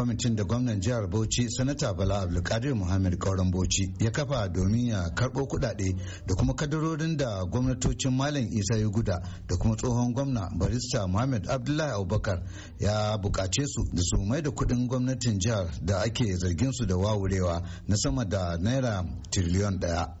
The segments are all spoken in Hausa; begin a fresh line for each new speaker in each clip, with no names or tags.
kwamitin da gwamnan jihar bauchi sanata bala abdulkadir muhammad kauran bauchi ya kafa domin ya karɓo kuɗaɗe da kuma kadarorin da gwamnatocin malam isa ya guda da kuma tsohon gwamna barista muhammad abdullahi abubakar ya bukace su da su mai da kuɗin gwamnatin jihar da ake zargin su da wawurewa na sama da naira tiriliyon ɗaya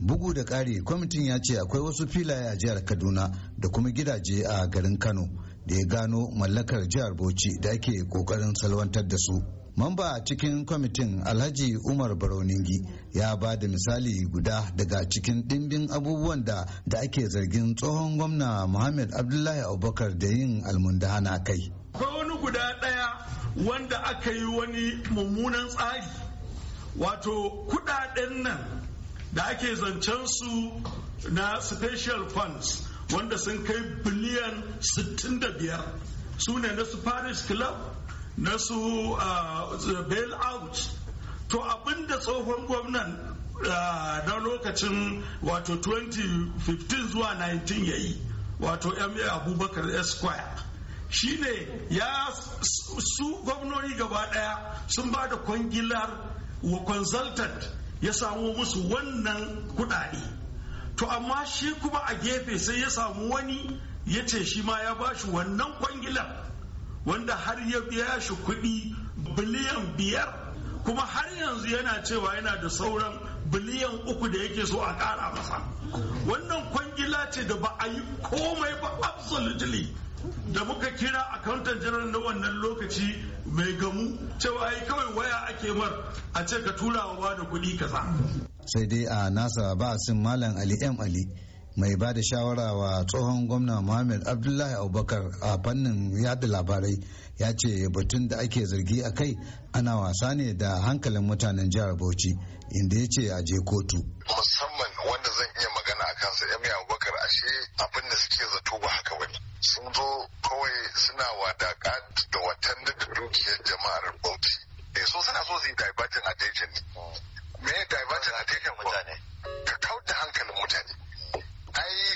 bugu da ƙari kwamitin ya ce akwai wasu filaye a jihar kaduna da kuma gidaje a garin kano da ya gano mallakar jihar Bauchi da ake kokarin salwantar da su. Mamba cikin kwamitin Alhaji Umar Barauningi ya ba da misali guda daga cikin ɗimbin abubuwan da ake zargin tsohon gwamna Muhammad Abdullahi Abubakar da yin almundahana kai.
Akwai wani guda ɗaya wanda aka yi wani mummunan tsari wato kuɗaɗen nan da ake zancen su na special funds wanda sun kai biliyan 65 su ne na su paris club na su uh, bail out to abinda tsohon gwamnan uh, na lokacin wato 2015 zuwa 19 ya yi wato ma abubakar esquire shine ya su gwamnoni gaba daya sun ba da kwangilar wa consultant ya samu musu wannan kudade to amma shi kuma a gefe sai ya samu wani ya ce shi ma ya bashi wannan kwangilar wanda har ya biya shi kuɗi biliyan biyar kuma har yanzu yana cewa yana da sauran biliyan uku da yake so a ƙara masa wannan kwangila ce da ba a yi komai ba absolutely da muka kira akantan janar na wannan lokaci mai gamu cewa ai kawai waya ake mar a ce ka tura wa da kuɗi kaza
sai dai a nasa ba sun malam ali m ali mai ba da shawara wa tsohon gwamna muhammad abdullahi abubakar a fannin yada labarai ya ce batun da ake zargi a kai ana wasa ne da hankalin mutanen jihar bauchi inda ya ce a je kotu musamman wanda zan iya magana a kansa yami abubakar ashe abin da suke zato ba haka
wani sun zo kawai suna wadaka da watan da dukiyar jama'ar bauchi e eh, so suna so su yi divertin attention me divertin attention mutane ka kauta hankalin mutane ai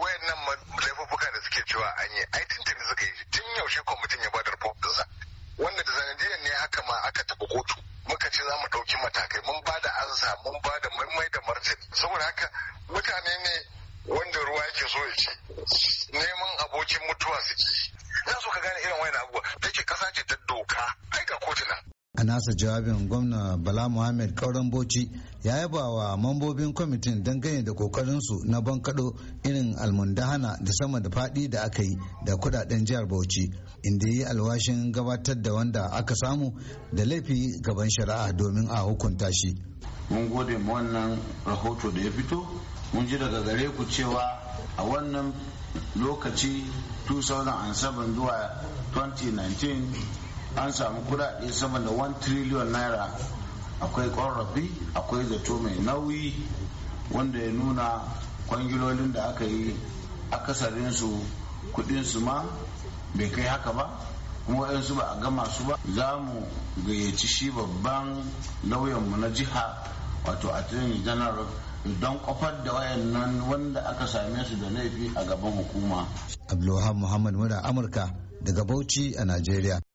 wayannan laifuffuka da suke cewa an yi ai tuntuni suka yi tun yaushe kwamitin ya bada report dinsa wanda da zanadiyar ne haka ma aka taɓa kotu muka ce za mu ɗauki matakai mun ba da ansa mun ba da maimai da martani saboda haka mutane ne wanda ruwa
yake so ya ci neman abokin mutuwa su ci
na so ka gane irin wani abubuwa da ke kasa ce ta doka ai ga kotuna
a nasa jawabin gwamna bala muhammad kauran bauchi ya yaba wa mambobin kwamitin dangane da kokarinsu na bankaɗo irin almundahana da sama da faɗi da aka yi da kudaden jihar bauchi inda yi alwashin gabatar da wanda aka samu da laifi gaban shari'a domin a hukunta shi
mun gode wa wannan rahoto da ya fito mun ji daga gare ku cewa a wannan lokaci 2007 zuwa 2019 an samu kudade sama da 1 trillion naira akwai ƙorafi akwai zato mai nauyi wanda ya nuna kwangilolin da aka yi akasarin su kudin su ma bai kai haka ba kuma waɗansu ba a gama su ba za mu gayyaci shi babban lauyanmu na jiha wato attorney general don kofar da wayannan wanda aka same su da laifi a gaban hukuma.
Abdulwahab Muhammad Mura Amurka daga Bauchi a Najeriya.